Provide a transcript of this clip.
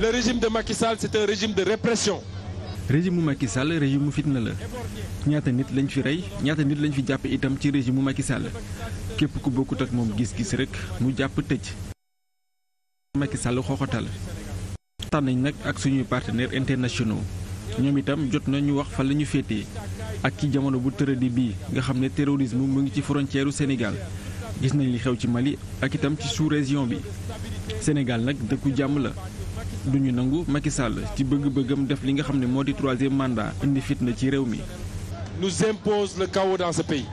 le régime de Macky Sall c'est un régime répression. régime mu Macky Sall régime mu fitna la ñaata nit lañ fi rey ñaata nit lañ fi jàpp itam ci régime mu Macky Sall képp ku bokkut ak moom gis-gis rek mu jàpp tëj. Macky Sall xooxatal waxtaan nañ nag ak suñuy partenaires internationaux ñoom itam jot na ñu wax fan la ñu féetee ak ci jamono bu tëradi bi nga xam ne terrorisme mu ngi ci frontière Sénégal gis nañ li xew ci Mali ak itam ci sous-région bi Sénégal nag dëkku jàmm la. du ñu nangu Macky Sall ci bëgg-bëggam def li nga xam ne moo di troisième mandat indi fitna ci réew mi. nous impose la kawo dans sa pay